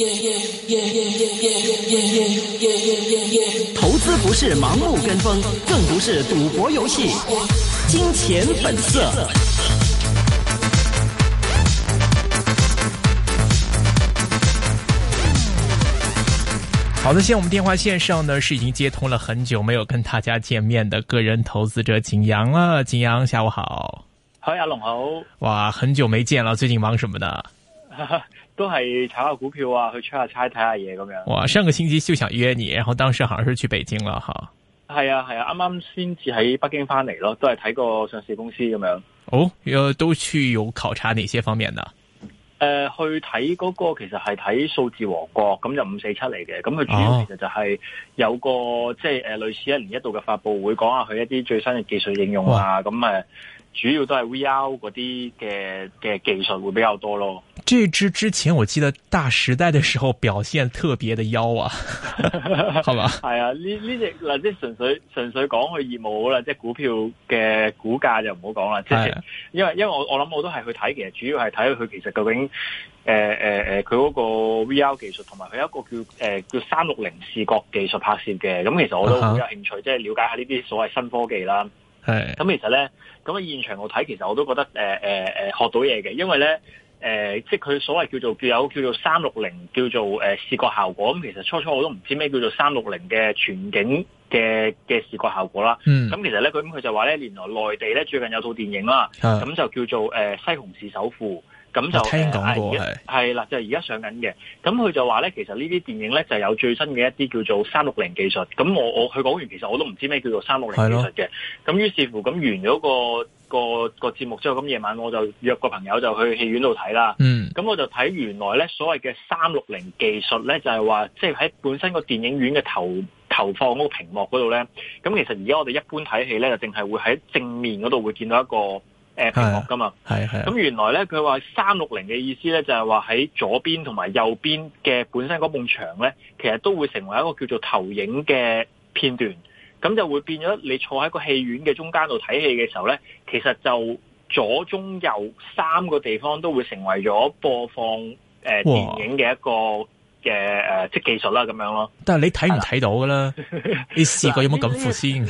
投資不是盲目跟風，更不是賭博遊戲，金錢本色 。好的，現在我們電話線上呢是已經接通了很久沒有跟大家見面的個人投資者景揚了，啊，景揚下午好。Hi, 好，阿龍好。哇，很久沒見了，最近忙什麼呢？ 都係炒下股票啊，去出下差睇下嘢咁樣。看看哇！上個星期就想約你，然後當時好像是去北京啦，哈。係啊係啊，啱啱先至喺北京翻嚟咯，都係睇個上市公司咁樣。哦，都去有考察哪些方面呢？誒、呃，去睇嗰個其實係睇數字王國咁就五四七嚟嘅，咁佢主要其實就係有個、哦、即係誒、呃、類似一年一度嘅發布會，講下佢一啲最新嘅技術應用啊咁誒。哇主要都係 VR 嗰啲嘅嘅技術會比較多咯。這支之前我記得大時代嘅時候表現特別的妖啊，係嘛？係啊，呢呢隻嗱，即係純粹純粹講佢業務啦，即係股票嘅股價就唔好講啦。即係、啊、 因為因為我我諗我都係去睇，其實主要係睇佢其實究竟誒誒誒，佢、呃、嗰、呃呃、個 VR 技術同埋佢一個叫誒、呃、叫三六零視覺技術拍攝嘅。咁其實我都好有興趣，uh huh. 即係了解下呢啲所謂新科技啦。係，咁是、嗯、其實咧，咁喺現場我睇，其實我都覺得誒誒誒學到嘢嘅，因為咧，誒、呃，即係佢所謂叫做叫有叫做三六零叫做誒、呃、視覺效果，咁其實初初我都唔知咩叫做三六零嘅全景嘅嘅視覺效果啦。咁、嗯、其實咧，佢咁佢就話咧，原來內地咧最近有套電影啦，咁是就叫做誒、呃《西紅柿首富》。咁就聽講過係啦、啊，就係而家上緊嘅。咁佢就話咧，其實呢啲電影咧就有最新嘅一啲叫做三六零技術。咁我我佢講完，其實我都唔知咩叫做三六零技術嘅。咁的於是乎咁完咗個個個節目之後，咁夜晚我就約個朋友就去戲院度睇啦。咁、嗯、我就睇原來咧所謂嘅三六零技術咧就係、是、話，即係喺本身個電影院嘅投投放嗰個屏幕嗰度咧。咁其實而家我哋一般睇戲咧，就淨係會喺正面嗰度會見到一個。誒屏幕㗎嘛，係係。咁原來呢，佢話三六零嘅意思呢，就係話喺左邊同埋右邊嘅本身嗰埲牆呢，其實都會成為一個叫做投影嘅片段。咁就會變咗你坐喺個戲院嘅中間度睇戲嘅時候呢，其實就左中右三個地方都會成為咗播放誒電影嘅一個。嘅、呃、即技術啦，咁樣咯。但係你睇唔睇到噶啦？ 你試過有冇咁苦先？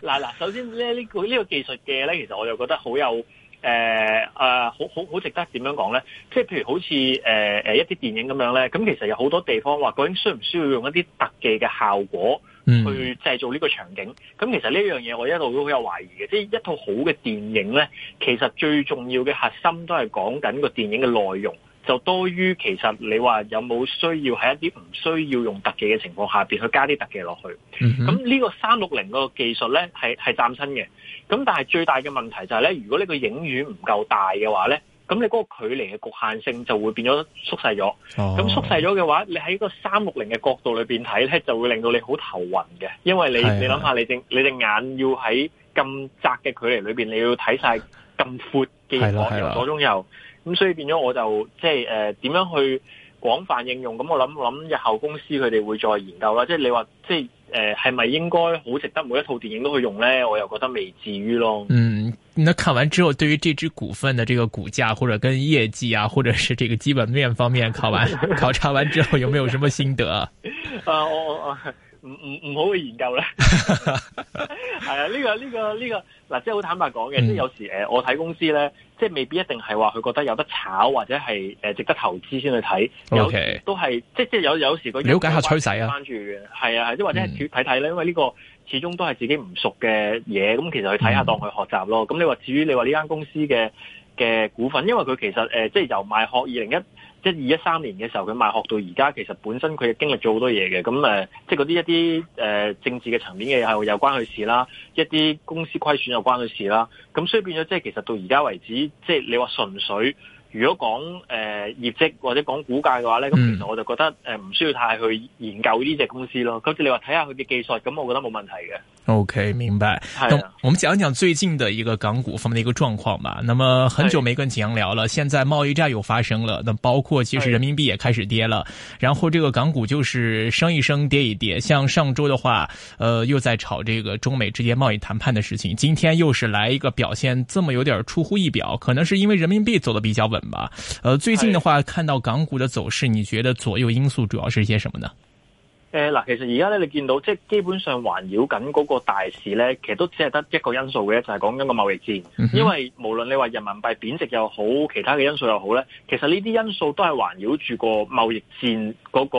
嗱嗱，首先咧呢個呢個技術嘅咧，其實我又覺得好有誒誒，好好好值得點樣講咧？即係譬如好似誒、呃、一啲電影咁樣咧，咁其實有好多地方話究竟需唔需要用一啲特技嘅效果去製造呢個場景？咁、嗯、其實呢樣嘢我一路都好有懷疑嘅。即係一套好嘅電影咧，其實最重要嘅核心都係講緊個電影嘅內容。就多於其實你話有冇需要喺一啲唔需要用特技嘅情況下邊去加啲特技落去，咁呢、嗯、哼個三六零嗰個技術咧係係嶄新嘅。咁但係最大嘅問題就係、是、咧，如果呢個影院唔夠大嘅話咧，咁你嗰個距離嘅局限性就會變咗縮細咗。咁、哦、縮細咗嘅話，你喺一個三六零嘅角度裏面睇咧，就會令到你好頭暈嘅，因為你的你諗下，你隻你隻眼要喺咁窄嘅距離裏面，你要睇晒咁闊嘅廣咁所以變咗我就即係誒，點樣去廣泛應用？咁我諗諗日後公司佢哋會再研究啦。即係你話即係誒，係咪應該好值得每一套電影都去用咧？我又覺得未至於咯。嗯，那看完之後，對於這支股份嘅這個股價，或者跟業績啊，或者是這個基本面方面，考完考察完之後， 有沒有什麼心得啊？啊、呃，我。呃唔唔唔好去研究咧， 係啊！呢個呢個呢個嗱，即係好坦白講嘅、嗯，即係有時誒，我睇公司咧，即係未必一定係話佢覺得有得炒或者係誒值得投資先去睇，OK，都係即係即係有有時個了解下趨勢啊，關注係啊係，即或者係睇睇咧，因為呢個始終都係自己唔熟嘅嘢，咁其實去睇下、嗯、當佢學習咯。咁你話至於你話呢間公司嘅嘅股份，因為佢其實誒、呃，即係由賣殼二零一。一二一三年嘅時候，佢賣學到而家，其實本身佢經歷咗好多嘢嘅，咁誒即係嗰啲一啲誒政治嘅層面嘅嘢係有關佢事啦，一啲公司虧損又關佢事啦，咁所以變咗即係其實到而家為止，即係你話純粹。如果講誒業績或者講股價嘅話呢，咁其實我就覺得誒唔需要太去研究呢隻公司咯。但係、嗯、你話睇下佢嘅技術，咁我覺得冇問題嘅。OK，明白。係我們講一講最近嘅一個港股方面嘅一個狀況吧。那啊，很久沒跟景揚聊了。是現在貿易戰又發生了，那包括其實人民幣也開始跌了。是然後這個港股就是升一升跌一跌。像上周的話，呃，又在炒這個中美直接貿易談判的事情。今天又是來一個表現，這麼有點出乎意表，可能係因為人民幣走得比較穩。吧，最近的話，看到港股的走勢，你覺得左右因素主要是一些什麼呢？誒嗱、呃，其實而家咧，你見到即係基本上環繞緊嗰個大市咧，其實都只係得一個因素嘅，就係講緊個貿易戰。嗯、哼因為無論你話人民幣貶值又好，其他嘅因素又好咧，其實呢啲因素都係環繞住個貿易戰嗰個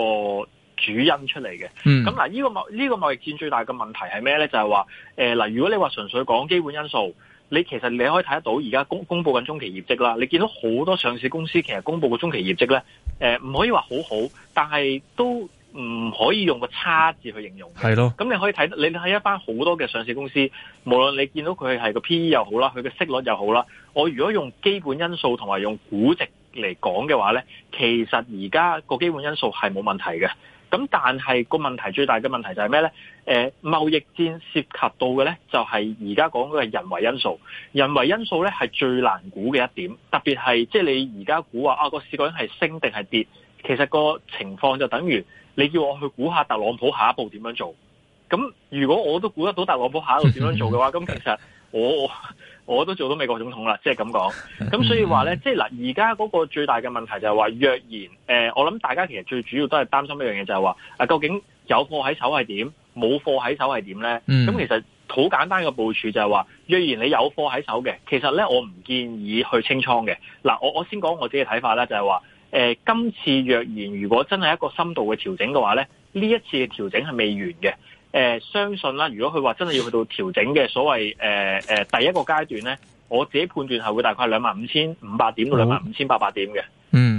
主因出嚟嘅。咁嗱、嗯，呢個貿呢個貿易戰最大嘅問題係咩咧？就係、是、話，誒、呃、嗱，如果你話純粹講基本因素。你其實你可以睇得到，而家公公佈緊中期業績啦。你見到好多上市公司其實公佈個中期業績咧，誒、呃、唔可以話好好，但係都唔可以用個差字去形容。係咯的。咁你可以睇，你睇一班好多嘅上市公司，無論你見到佢係個 PE 又好啦，佢嘅息率又好啦，我如果用基本因素同埋用估值嚟講嘅話咧，其實而家個基本因素係冇問題嘅。咁但係個問題，最大嘅問題就係咩咧？誒、呃，貿易戰涉及到嘅咧，就係而家講嘅人為因素。人為因素咧係最難估嘅一點，特別係，即係你而家估啊個市嗰人係升定係跌，其實個情況就等於你叫我去估下特朗普下一步點樣做。咁如果我都估得到特朗普下一步點樣做嘅話，咁其實我。我我都做到美國總統啦，就是，即係咁講。咁所以話咧，即係嗱，而家嗰個最大嘅問題就係話，若然誒、呃，我諗大家其實最主要都係擔心一樣嘢，就係話，啊，究竟有貨喺手係點，冇貨喺手係點咧？咁、嗯、其實好簡單嘅部署就係話，若然你有貨喺手嘅，其實咧我唔建議去清倉嘅。嗱，我我先講我自己嘅睇法啦，就係、是、話，誒、呃，今次若然如果真係一個深度嘅調整嘅話咧，呢一次嘅調整係未完嘅。誒、呃、相信啦，如果佢話真係要去到調整嘅所謂誒誒第一個階段咧，我自己判斷係會大概兩萬五千五百點到兩萬五千八百點嘅。嗯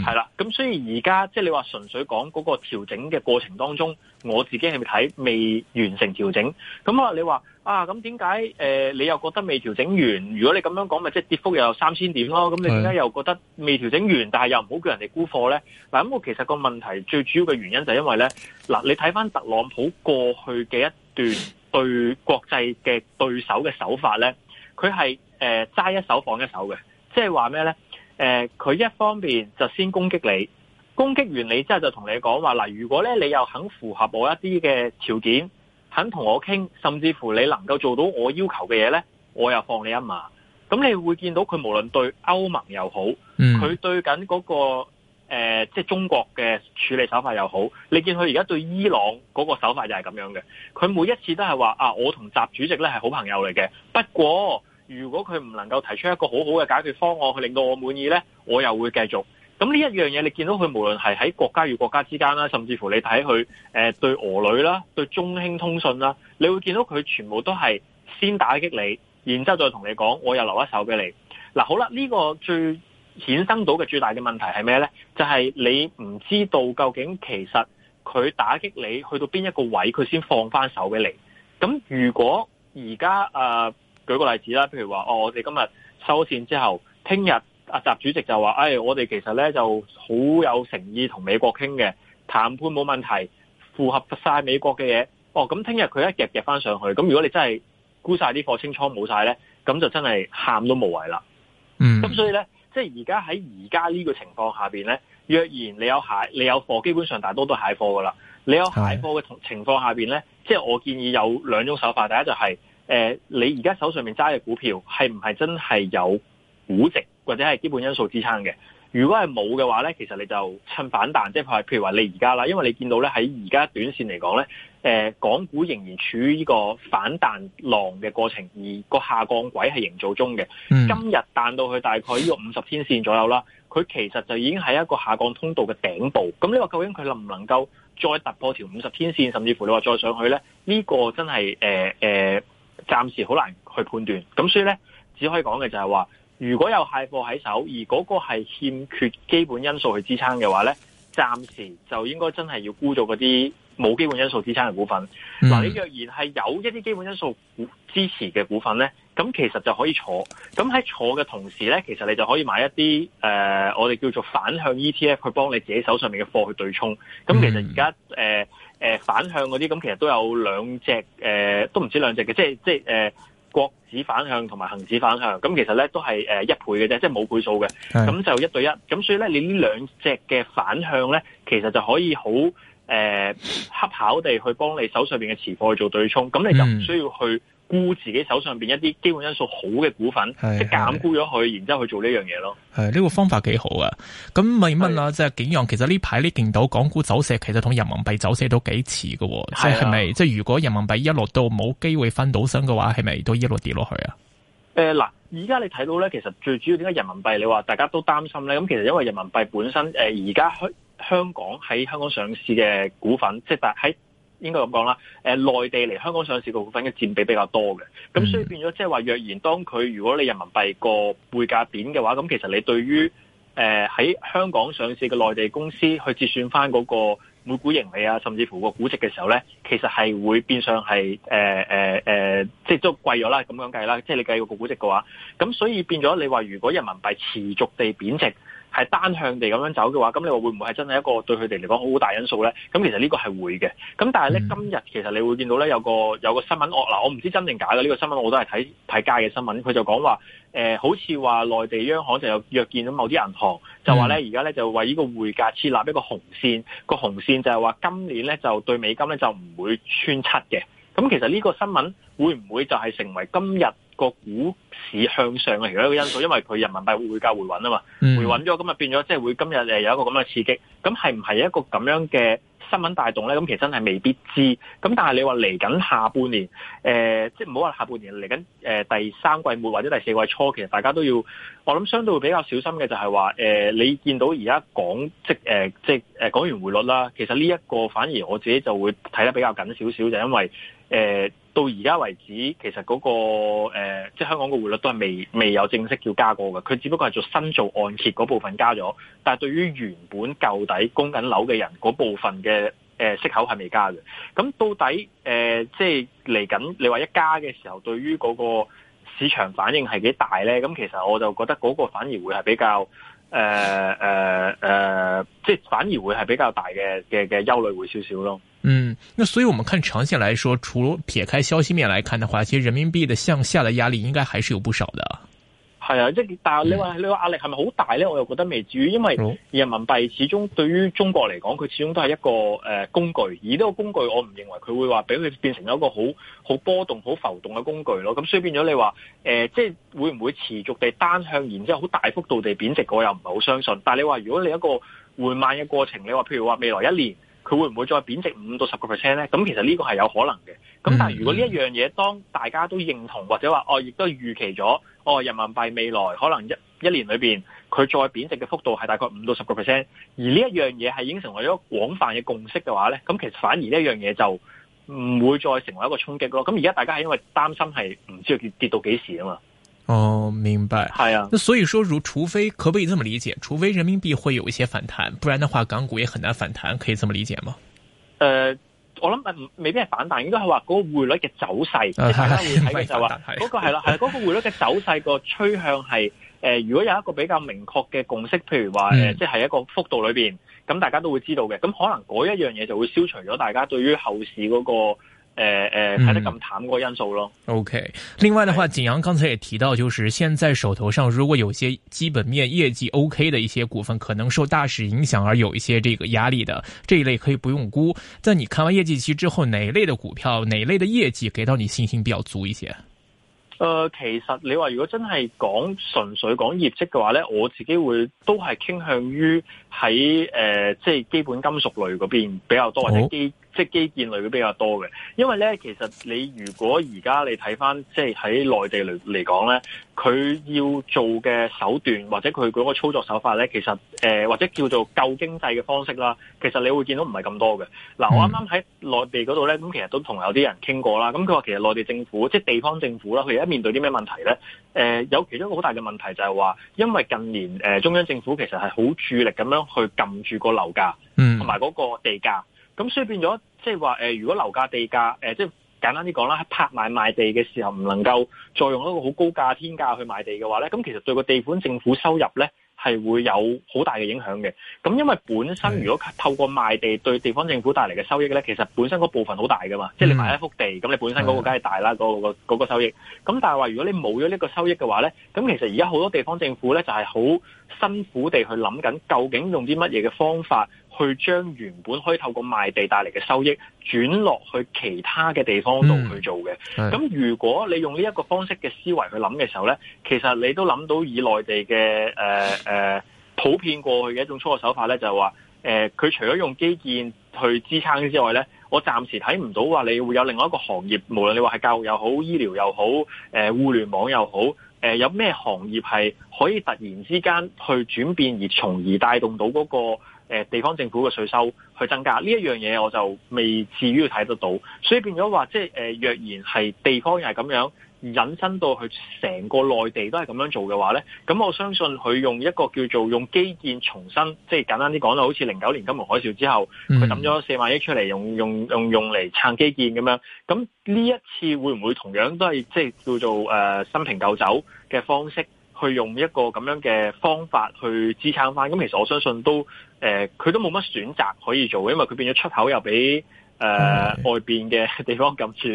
係啦，咁所以而家即係你話純粹講嗰個調整嘅過程當中，我自己係咪睇未完成調整？咁啊，你話啊，咁點解誒，你又覺得未調整完？如果你咁樣講，咪即係跌幅又有三千點咯？咁你點解又覺得未調整完，但係又唔好叫人哋沽貨咧？嗱，咁我其實個問題最主要嘅原因就係因為咧，嗱，你睇翻特朗普過去嘅一段對國際嘅對手嘅手法咧，佢係誒揸一手放一手嘅，即係話咩咧？誒，佢、呃、一方面就先攻擊你，攻擊完你之後就同你講話嗱，如果咧你又肯符合我一啲嘅條件，肯同我傾，甚至乎你能夠做到我要求嘅嘢咧，我又放你一馬。咁你會見到佢無論對歐盟又好，佢對緊、那、嗰個誒、呃，即係中國嘅處理手法又好，你見佢而家對伊朗嗰個手法就係咁樣嘅，佢每一次都係話啊，我同習主席咧係好朋友嚟嘅，不過，如果佢唔能夠提出一個好好嘅解決方案去令到我滿意呢，我又會繼續咁呢一樣嘢。你見到佢無論係喺國家與國家之間啦，甚至乎你睇佢、呃、對俄女啦、對中興通訊啦，你會見到佢全部都係先打擊你，然之後再同你講，我又留一手俾你嗱、啊。好啦，呢、這個最衍生到嘅最大嘅問題係咩呢？就係、是、你唔知道究竟其實佢打擊你去到邊一個位，佢先放翻手俾你。咁如果而家，呃舉個例子啦，譬如話，哦，我哋今日收線之後，聽日阿習主席就話，誒、哎，我哋其實咧就好有誠意同美國傾嘅談判冇問題，符合晒美國嘅嘢。哦，咁聽日佢一夾夾翻上去，咁如果你真係沽晒啲貨清倉冇晒咧，咁就真係喊都無謂啦。嗯。咁所以咧，即係而家喺而家呢個情況下邊咧，若然你有蟹，你有貨，基本上大多都係蟹貨噶啦。你有蟹貨嘅情況下邊咧，即係我建議有兩種手法，第一就係。誒、呃，你而家手上面揸嘅股票係唔係真係有估值或者係基本因素支撐嘅？如果係冇嘅話咧，其實你就趁反彈，即係譬如話，譬如話你而家啦，因為你見到咧喺而家短線嚟講咧，誒、呃，港股仍然處於呢個反彈浪嘅過程，而個下降軌係營造中嘅。嗯、今日彈到去大概呢個五十天線左右啦，佢其實就已經喺一個下降通道嘅頂部。咁你話究竟佢能唔能夠再突破條五十天線，甚至乎你話再上去咧？呢、呢個真係誒誒暫時好難去判斷，咁所以咧，只可以講嘅就係話，如果有蟹貨喺手，而嗰個係欠缺基本因素去支撐嘅話咧，暫時就應該真係要沽咗嗰啲冇基本因素支撐嘅股份。嗱、嗯，你若然係有一啲基本因素支持嘅股份咧，咁其實就可以坐。咁喺坐嘅同時咧，其實你就可以買一啲誒、呃，我哋叫做反向 ETF 去幫你自己手上面嘅貨去對沖。咁其實而家誒。呃誒、呃、反向嗰啲咁，其實都有兩隻，誒、呃、都唔止兩隻嘅，即係即係誒、呃、國指反向同埋恆指反向。咁其實咧都係、呃、一倍嘅啫，即係冇倍數嘅，咁的就一對一。咁所以咧，你呢兩隻嘅反向咧，其實就可以好誒、呃、恰巧地去幫你手上面嘅持貨去做對沖，咁你就唔需要去、嗯。沽自己手上邊一啲基本因素好嘅股份，是是即係減沽咗佢，是是然之後去做呢樣嘢咯。係呢、呢個方法幾好啊！咁咪一問啊，即係是景揚，其實呢排呢見到港股走勢，其實同人民幣走勢都幾似嘅喎。即係係咪？即係的如果人民幣一落到冇機會翻到身嘅話，係咪都一路跌落去啊？誒嗱、呃，而家你睇到咧，其實最主要點解人民幣你話大家都擔心咧？咁其實因為人民幣本身誒而家香港喺香港上市嘅股份，即係但喺。應該咁講啦，誒，內地嚟香港上市嘅股份嘅佔比比較多嘅，咁所以變咗即係話，若然當佢如果你人民幣個匯價貶嘅話，咁其實你對於誒喺、呃、香港上市嘅內地公司去折算翻嗰個每股盈利啊，甚至乎個估值嘅時候咧，其實係會變相係誒誒即係都貴咗啦，咁樣計啦，即係你計個估值嘅話，咁所以變咗你話，如果人民幣持續地貶值。係單向地咁樣走嘅話，咁你話會唔會係真係一個對佢哋嚟講好大因素咧？咁其實呢個係會嘅。咁但係咧，今日其實你會見到咧有個有個新聞，我啦我唔知真定假嘅呢個新聞，我都係睇睇街嘅新聞。佢就講話、呃、好似話內地央行就有約見咗某啲銀行，就話咧而家咧就為呢個匯價設立一個紅線，個紅線就係話今年咧就對美金咧就唔會穿七嘅。咁其實呢個新聞會唔會就係成為今日個股市向上嘅其中一個因素，因為佢人民幣匯價回穩啊嘛，回穩咗咁啊變咗，即係會今日誒有一個咁嘅刺激，咁係唔係一個咁樣嘅新聞帶動咧？咁其實真係未必知，咁但係你話嚟緊下半年，誒、呃，即係唔好話下半年嚟緊誒第三季末或者第四季初，其實大家都要，我諗相對會比較小心嘅就係話，誒、呃，你見到而家講即係誒、呃、即係誒港元匯率啦，其實呢一個反而我自己就會睇得比較緊少少，就因為誒。呃到而家為止，其實嗰、那個、呃、即係香港個匯率都係未未有正式叫加過嘅，佢只不過係做新做按揭嗰部分加咗，但係對於原本舊底供緊樓嘅人嗰部分嘅誒、呃、息口係未加嘅。咁到底誒、呃，即係嚟緊你話一加嘅時候，對於嗰個市場反應係幾大咧？咁其實我就覺得嗰個反而會係比較。誒誒誒，即係反而會係比較大嘅嘅嘅憂慮會少少咯。嗯，那所以我們看長線來說，除了撇開消息面來看的話，其實人民幣的向下的壓力應該還是有不少的。係啊，即但係你話你話壓力係咪好大咧？我又覺得未至於，因為人民幣始終對於中國嚟講，佢始終都係一個誒、呃、工具，而呢個工具我唔認為佢會話俾佢變成咗一個好好波動、好浮動嘅工具咯。咁、嗯、所以變咗你話誒、呃，即係會唔會持續地單向，然之後好大幅度地貶值？我又唔係好相信。但係你話如果你一個緩慢嘅過程，你話譬如話未來一年。佢會唔會再貶值五到十個 percent 咧？咁其實呢個係有可能嘅。咁但係如果呢一樣嘢，當大家都認同或者話哦，亦都預期咗哦，人民幣未來可能一一年裏邊佢再貶值嘅幅度係大概五到十個 percent，而呢一樣嘢係已經成為咗廣泛嘅共識嘅話咧，咁其實反而呢一樣嘢就唔會再成為一個衝擊咯。咁而家大家係因為擔心係唔知要跌跌到幾時啊嘛。哦，明白，係啊。所以說如，如除非可不可以這麼理解，除非人民幣會有一些反彈，不然的話港股也很難反彈，可以這麼理解嗎？誒、呃，我諗未必係反彈，應該係話嗰個匯率嘅走勢。啊，大家會睇嘅就話 個匯率嘅走勢個趨向係誒、呃，如果有一個比較明確嘅共識，譬如話誒，嗯、即係一個幅度裏邊，咁大家都會知道嘅。咁可能嗰一樣嘢就會消除咗大家對於後市嗰、那個。誒誒，睇、呃呃、得咁淡嗰個因素咯、嗯。OK，另外的話，景陽剛才也提到，就是現在手頭上如果有些基本面業績 OK 的一些股份，可能受大市影響而有一些這個壓力的，這一類可以不用沽。但你看完業績期之後，哪一類的股票，哪一類的業績，給到你信心比較足一些？誒、呃，其實你話如果真係講純粹講業績嘅話呢，我自己會都係傾向於喺誒即係基本金屬類嗰邊比較多，或者基。即基建類會比較多嘅，因為咧，其實你如果而家你睇翻，即係喺內地嚟嚟講咧，佢要做嘅手段或者佢嗰個操作手法咧，其實誒、呃、或者叫做救經濟嘅方式啦，其實你會見到唔係咁多嘅。嗱、啊，我啱啱喺內地嗰度咧，咁其實都同有啲人傾過啦。咁佢話其實內地政府即係地方政府啦，佢而家面對啲咩問題咧？誒、呃，有其中一個好大嘅問題就係話，因為近年誒、呃、中央政府其實係好注力咁樣去撳住個樓價，嗯，同埋嗰個地價。咁所以變咗，即係話如果樓價、地價、呃、即係簡單啲講啦，拍賣賣地嘅時候，唔能夠再用一個好高價、天價去賣地嘅話咧，咁其實對個地盤政府收入咧，係會有好大嘅影響嘅。咁因為本身如果透過賣地對地方政府帶嚟嘅收益咧，其實本身嗰部分好大㗎嘛，嗯、即係你賣一幅地，咁你本身嗰個梗係大啦，嗰個嗰個收益。咁但係話如果你冇咗呢個收益嘅話咧，咁其實而家好多地方政府咧就係好辛苦地去諗緊，究竟用啲乜嘢嘅方法？去將原本可以透過賣地帶嚟嘅收益轉落去其他嘅地方度去做嘅、嗯。咁如果你用呢一個方式嘅思維去諗嘅時候呢，其實你都諗到以內地嘅誒誒普遍過去嘅一種操作手法呢，就係話誒佢除咗用基建去支撐之外呢，我暫時睇唔到話你會有另外一個行業，無論你話係教育又好、醫療又好、誒、呃、互聯網又好，誒、呃、有咩行業係可以突然之間去轉變而從而帶動到嗰、嗰個。誒地方政府嘅稅收去增加呢一樣嘢，我就未至於睇得到，所以變咗話，即係誒、呃、若然係地方又係咁樣引申到佢成個內地都係咁樣做嘅話咧，咁我相信佢用一個叫做用基建重新，即係簡單啲講啦，好似零九年金融海嘯之後，佢抌咗四萬億出嚟用用用用嚟撐基建咁樣，咁呢一次會唔會同樣都係即係叫做誒、呃、新瓶舊酒嘅方式？去用一個咁樣嘅方法去支撐翻，咁其實我相信都誒，佢、呃、都冇乜選擇可以做，因為佢變咗出口又俾誒、呃 mm. 外邊嘅地方禁住，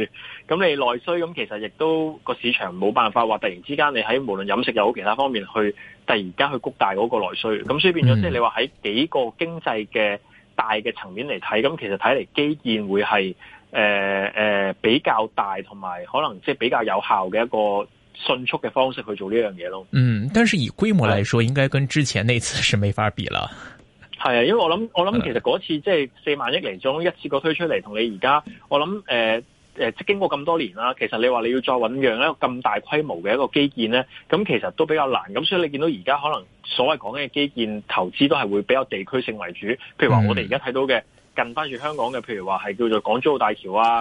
咁你內需咁其實亦都個市場冇辦法話突然之間你喺無論飲食又好其他方面去突然間去谷大嗰個內需，咁所以變咗即係你話喺幾個經濟嘅大嘅層面嚟睇，咁其實睇嚟基建會係誒、呃呃、比較大同埋可能即係比較有效嘅一個。迅速嘅方式去做呢樣嘢咯。嗯，但是以規模嚟說，啊、應該跟之前那次是沒法比啦。係啊，因為我諗我諗，其實嗰次即係四萬億嚟講，一次過推出嚟，同你而家我諗誒誒，即、呃、係、呃呃、經過咁多年啦、啊，其實你話你要再醞釀一個咁大規模嘅一個基建咧，咁其實都比較難。咁所以你見到而家可能所謂講嘅基建投資都係會比較地區性為主，譬如話我哋而家睇到嘅、嗯、近翻住香港嘅，譬如話係叫做港珠澳大橋啊。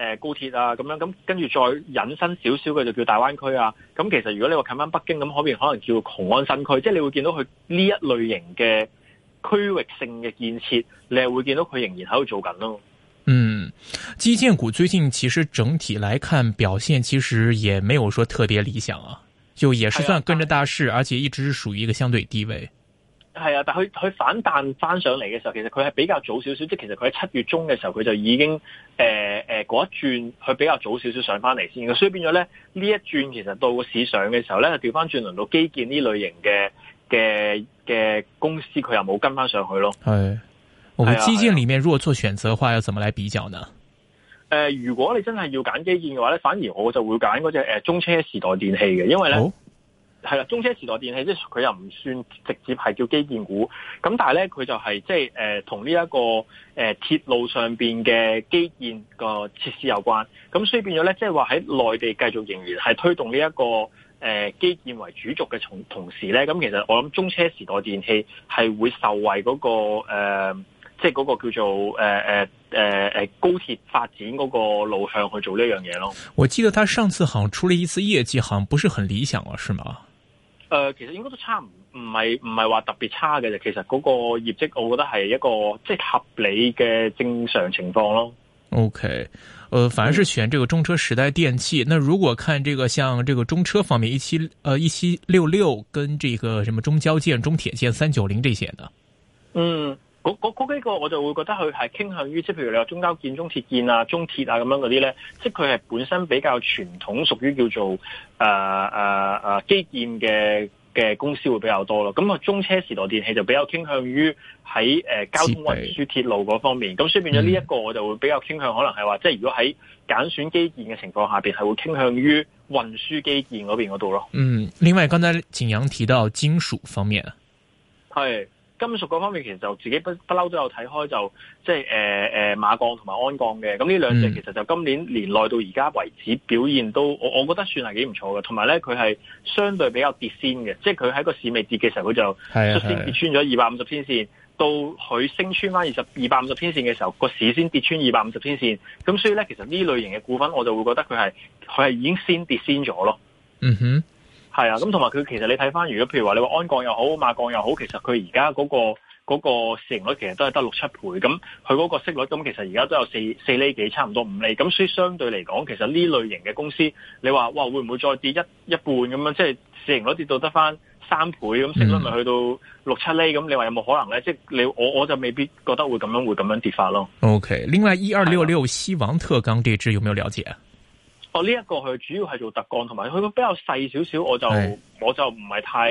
誒、呃，高鐵啊，咁樣咁，跟住再引申少少嘅就叫大灣區啊。咁其實如果你話近翻北京，咁可變可能叫雄安新區，即係你會見到佢呢一類型嘅區域性嘅建設，你係會見到佢仍然喺度做緊咯。嗯，基建股最近其實整體來看表現其實也沒有說特別理想啊，就也是算跟着大市，的而且一直是屬於一個相對低位。係啊，但係佢，佢反彈翻上嚟嘅時候，其實佢係比較早少少，即係其實佢喺七月中嘅時候，佢就已經誒誒嗰一轉，佢比較早少少上翻嚟先嘅，所以變咗咧，呢一轉，其實到個市上嘅時候咧，調翻轉輪到基建呢類型嘅嘅嘅公司，佢又冇跟翻上去咯。係，我們基建裏面如果做選擇嘅話，要怎麼嚟比較呢？誒、啊啊呃，如果你真係要揀基建嘅話咧，反而我就會揀嗰隻誒中車時代電器嘅，因為咧。哦係啦，中車時代電器即係佢又唔算直接係叫基建股，咁但係咧佢就係即係誒同呢一個誒鐵、呃、路上邊嘅基建個設施有關，咁、嗯、所以變咗咧即係話喺內地繼續仍然係推動呢、這、一個誒、呃、基建為主軸嘅從同時咧，咁、嗯、其實我諗中車時代電器係會受惠嗰、那個誒、呃、即係嗰個叫做誒誒誒誒高鐵發展嗰個路向去做呢樣嘢咯。我記得他上次好像出了一次業績，好像不是很理想啊，係咪？誒、呃，其實應該都差唔唔係唔係話特別差嘅啫。其實嗰個業績，我覺得係一個即係、就是、合理嘅正常情況咯。OK，誒、呃，反而是選這個中車時代電器。嗯、那如果看這個像這個中車方面 17,、呃，一七誒一七六六跟這個什麼中交建、中鐵建三九零這些呢？嗯。嗰嗰嗰幾個我就會覺得佢係傾向於即，譬如你話中交建、中鐵建啊、中鐵啊咁樣嗰啲咧，即係佢係本身比較傳統，屬於叫做誒誒、呃啊、基建嘅嘅公司會比較多咯。咁啊，中車時代電器就比較傾向於喺誒交通運輸鐵路嗰方面。咁所以變咗呢一個我就會比較傾向，嗯、可能係話即，如果喺揀選基建嘅情況下邊，係會傾向於運輸基建嗰邊嗰度咯。嗯，另外，剛才景揚提到金屬方面，係。金屬嗰方面其實就自己不不嬲都有睇開就，就即係誒誒馬鋼同埋鞍鋼嘅。咁呢兩隻其實就今年年內到而家為止表現都我我覺得算係幾唔錯嘅。同埋咧佢係相對比較跌先嘅，即係佢喺個市未跌嘅時候，佢就率先跌穿咗二百五十天線，是的是的到佢升穿返二十二百五十天線嘅時候，個市先跌穿二百五十天線。咁所以咧，其實呢類型嘅股份我就會覺得佢係佢係已經先跌先咗咯。嗯哼。係啊，咁同埋佢其實你睇翻，如果譬如話你話安鋼又好，馬鋼又好，其實佢而家嗰個嗰個市盈率其實都係得六七倍，咁佢嗰個息率咁，其實而家都有四四厘幾，差唔多五厘。咁所以相對嚟講，其實呢類型嘅公司，你話哇，會唔會再跌一一半咁樣，即係市盈率跌到得翻三倍，咁息率咪去到六七厘咁、嗯、你話有冇可能咧？即係你我我就未必覺得會咁樣會咁樣跌法咯。OK，另外一二六六西王特鋼呢支有冇了解？哦，呢一個佢主要係做特鋼，同埋佢比較細少少，我就是我就唔係太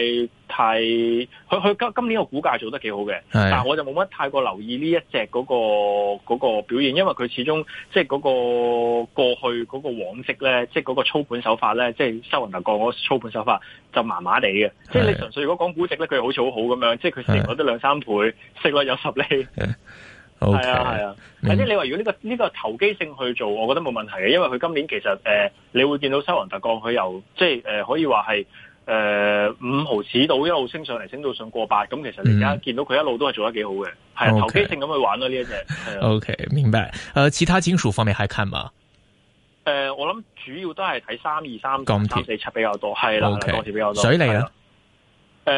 太，佢佢今今年個股價做得幾好嘅，是但係我就冇乜太過留意呢一隻嗰、那個嗰、那個表現，因為佢始終即係嗰個過去嗰個往績咧，即係嗰個操盤手法咧，即、就、係、是、收銀頭降嗰操盤手法就麻麻地嘅，即係是你純粹如果講估值咧，佢好似好好咁樣，即係佢成股都兩三倍，息率是有十厘。係啊，係啊，或者、啊白啊、你話如果呢、這個呢、這個投機性去做，我覺得冇問題嘅，因為佢今年其實誒、呃、你會見到西環特鋼，佢由即係誒、呃、可以話係誒五毫紙到一路升上嚟，升到上過百，咁、嗯嗯、其實你而家見到佢一路都係做得幾好嘅，係啊，okay，投機性咁去玩咯呢一隻。啊、o、okay，K 明白。誒、呃，其他金屬方面還看嘛？誒、呃，我諗主要都係睇三二三、鋼鐵四七比較多，係啦、啊，鋼比較多。Okay，啊、水泥咧？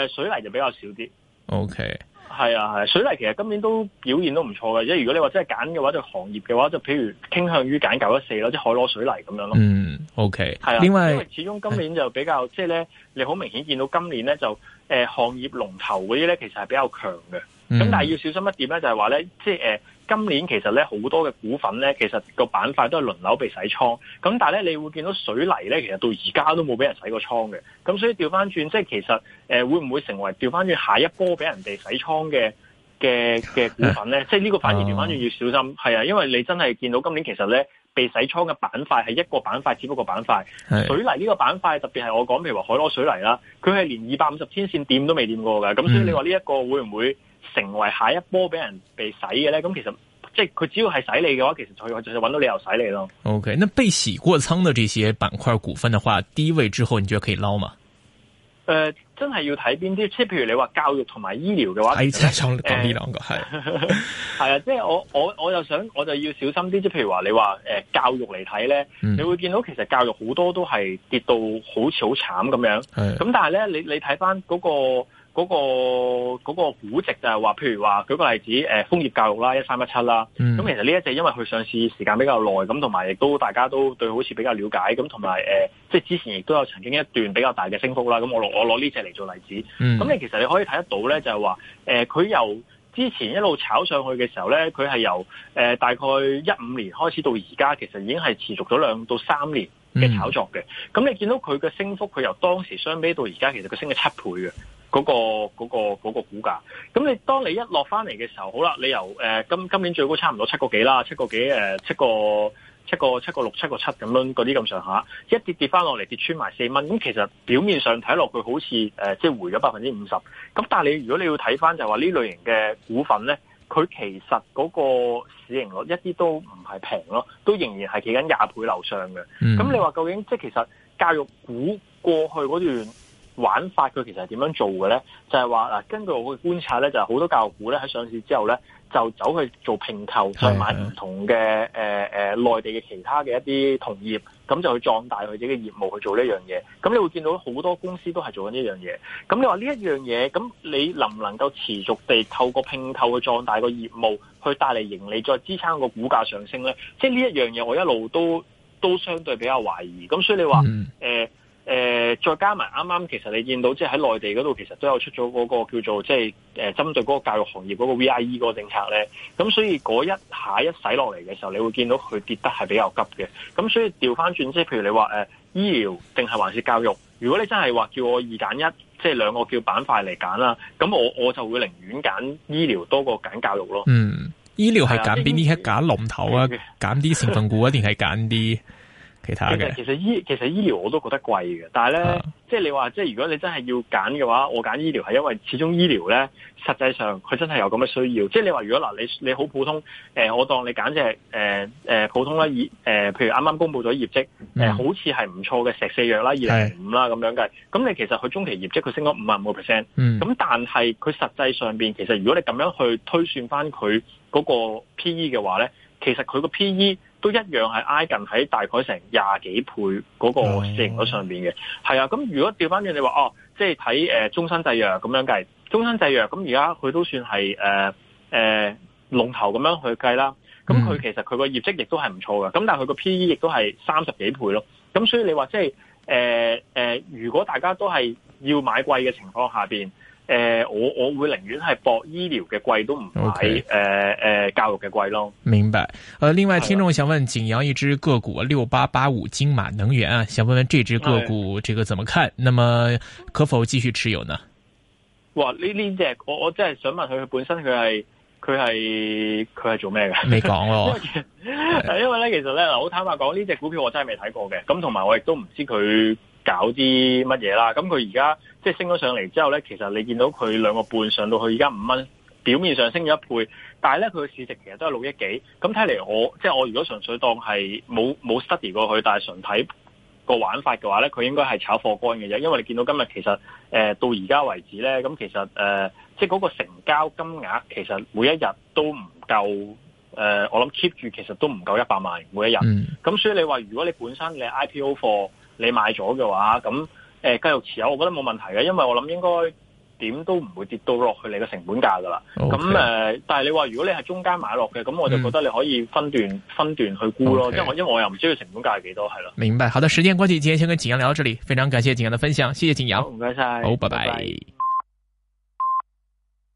誒，水泥就比較少啲。O K。係啊，係啊，水泥其實今年都表現都唔錯嘅，即係如果你話真係揀嘅話，就行業嘅話，就譬如傾向於揀九一四咯，即係海螺水泥咁樣咯。嗯，OK，係啊，因為因為始終今年就比較，即係咧，你好明顯見到今年咧就誒、呃、行業龍頭嗰啲咧，其實係比較強嘅。咁、嗯、但係要小心一點咧？就係話咧，即係誒，今年其實咧好多嘅股份咧，其實個板塊都係輪流被洗倉。咁但係咧，你會見到水泥咧，其實到而家都冇俾人洗過倉嘅。咁所以調翻轉，即係其實誒，會唔會成為調翻轉下一波俾人哋洗倉嘅嘅嘅股份咧？即係呢個反而調翻轉要小心。係啊， 因為你真係見到今年其實咧被洗倉嘅板塊係一個板塊，只不過板塊的水泥呢個板塊，特別係我講譬如話海螺水泥啦，佢係連二百五十天線掂都未掂過嘅。咁、嗯、所以你話呢一個會唔會？成為下一波俾人被洗嘅咧，咁其實即係佢只要係洗你嘅話，其實佢就就揾到理由洗你咯。O、okay, K，那被洗過倉嘅呢啲板塊股份嘅話，低位之後你覺得可以撈嗎？誒、呃，真係要睇邊啲，即係譬如你話教育同埋醫療嘅話，係再創港地兩個啊，即係、呃、 我我我就想我就要小心啲，即係譬如話你話誒、呃、教育嚟睇咧，嗯、你會見到其實教育好多都係跌到好似好慘咁樣，係咁的但係咧，你你睇翻嗰個。嗰、那個估值、那個、就係話，譬如話舉個例子，誒、呃，楓葉教育啦，一三一七啦，咁、嗯、其實呢一隻因為佢上市時間比較耐，咁同埋亦都大家都對好似比較了解，咁同埋誒，即係之前亦都有曾經一段比較大嘅升幅啦。咁我攞我攞呢隻嚟做例子，咁你、嗯、其實你可以睇得到咧，就係話誒，佢、呃、由之前一路炒上去嘅時候咧，佢係由誒、呃、大概一五年開始到而家，其實已經係持續咗兩到三年嘅炒作嘅。咁、嗯、你見到佢嘅升幅，佢由當時相比到而家，其實佢升咗七倍嘅。嗰、那個嗰嗰、那個那個、股價，咁你當你一落翻嚟嘅時候，好啦，你由誒、呃、今今年最高差唔多七個幾啦，七個幾誒、呃、七,七,七,七個七個七個六七個七咁樣嗰啲咁上下，一跌跌翻落嚟跌穿埋四蚊，咁其實表面上睇落去好似誒即係回咗百分之五十，咁但係你如果你要睇翻就話呢類型嘅股份咧，佢其實嗰個市盈率一啲都唔係平咯，都仍然係企緊廿倍樓上嘅。咁、嗯、你話究竟即係其實教育股過去嗰段？玩法佢其實係點樣做嘅呢？就係話嗱，根據我嘅觀察呢，就係、是、好多教育股呢喺上市之後呢，就走去做拼購，再買唔同嘅誒誒內地嘅其他嘅一啲同業，咁就去壯大佢自己嘅業務去做呢樣嘢。咁、嗯、你會見到好多公司都係做緊呢樣嘢。咁你話呢一樣嘢，咁你能唔能夠持續地透過拼購去壯大個業務，去帶嚟盈利，再支撐個股價上升呢？即係呢一樣嘢，我一路都都相對比較懷疑。咁所以你話誒、呃嗯誒、呃，再加埋啱啱，剛剛其實你見到即係喺內地嗰度，其實都有出咗嗰、那個叫做即係誒、呃，針對嗰個教育行業嗰個 VIE 嗰個政策咧。咁所以嗰一下一瀉落嚟嘅時候，你會見到佢跌得係比較急嘅。咁所以調翻轉，即譬如你話誒、呃，醫療定係還是教育？如果你真係話叫我二揀一，即係兩個叫板塊嚟揀啦，咁我我就會寧願揀醫療多過揀教育咯。嗯，醫療係揀邊啲？係揀的龍頭啊，揀啲的成分股、啊、一定係揀啲？ 其，他的的其實其實醫其實醫療我都覺得貴嘅，但係咧、啊，即係你話即係如果你真係要揀嘅話，我揀醫療係因為始終醫療咧，實際上佢真係有咁嘅需要。即係你話如果嗱，你你好普通誒、呃，我當你揀只係誒誒普通咧，以、呃、誒、呃、譬如啱啱公布咗業績誒、嗯呃，好似係唔錯嘅石四藥啦，二零零五啦咁是 樣嘅。咁你其實佢中期業績佢升咗五萬五個 percent，咁但係佢實際上邊其實如果你咁樣去推算翻佢個 P E 嘅話咧，其實佢個 P E 都一樣係挨近喺大概成廿幾倍嗰個市盈率上面嘅，係啊、嗯。咁如果調翻轉你話，哦，即係睇誒中生製藥咁樣計，中生製藥咁而家佢都算係誒誒龍頭咁樣去計啦。咁佢其實佢個業績亦都係唔錯嘅。咁但係佢個 P E 亦都係三十幾倍咯。咁所以你話即係誒誒，如果大家都係要買貴嘅情況下邊？誒、呃，我我會寧願係博醫療嘅貴都唔買，誒誒 Okay.、呃呃、教育嘅貴咯。明白。誒、呃，另外聽眾想問景揚一支個股六八八五金馬能源啊，想問問這支個股這個怎麼看？的那麼可否繼續持有呢？哇！呢呢隻我我真係想問佢，佢本身佢係佢係佢係做咩嘅？未講咯。 因為咧的，其實咧好坦白講呢隻股票我真係未睇過嘅，咁同埋我亦都唔知佢。搞啲乜嘢啦？咁佢而家即係升咗上嚟之後呢，其實你見到佢兩個半上到去而家五蚊，表面上升咗一倍，但係呢，佢嘅市值其實都係六億幾。咁睇嚟我即係我如果純粹當係冇冇 study 過佢，但係純睇個玩法嘅話呢，佢應該係炒貨乾嘅啫。因為你見到今日其實、呃、到而家為止呢，咁其實誒、呃、即係嗰個成交金額其實每一日都唔夠誒、呃，我諗 keep 住其實都唔夠一百萬每一日。咁、嗯、所以你話如果你本身你 IPO 貨。你買咗嘅話，咁誒、呃、繼續持有，我覺得冇問題嘅，因為我諗應該點都唔會跌到落去你嘅成本價噶啦。咁誒 Okay.、呃，但係你話如果你係中間買落嘅，咁我就覺得你可以分段、嗯、分段去沽咯，因為 Okay. 因為我又唔知佢成本價係幾多，係咯。明白，好的，時間關係，今日先跟景揚聊到這裡，非常感謝景揚的分享，謝謝景揚。唔該晒。好，拜拜。Oh, bye bye. Bye bye.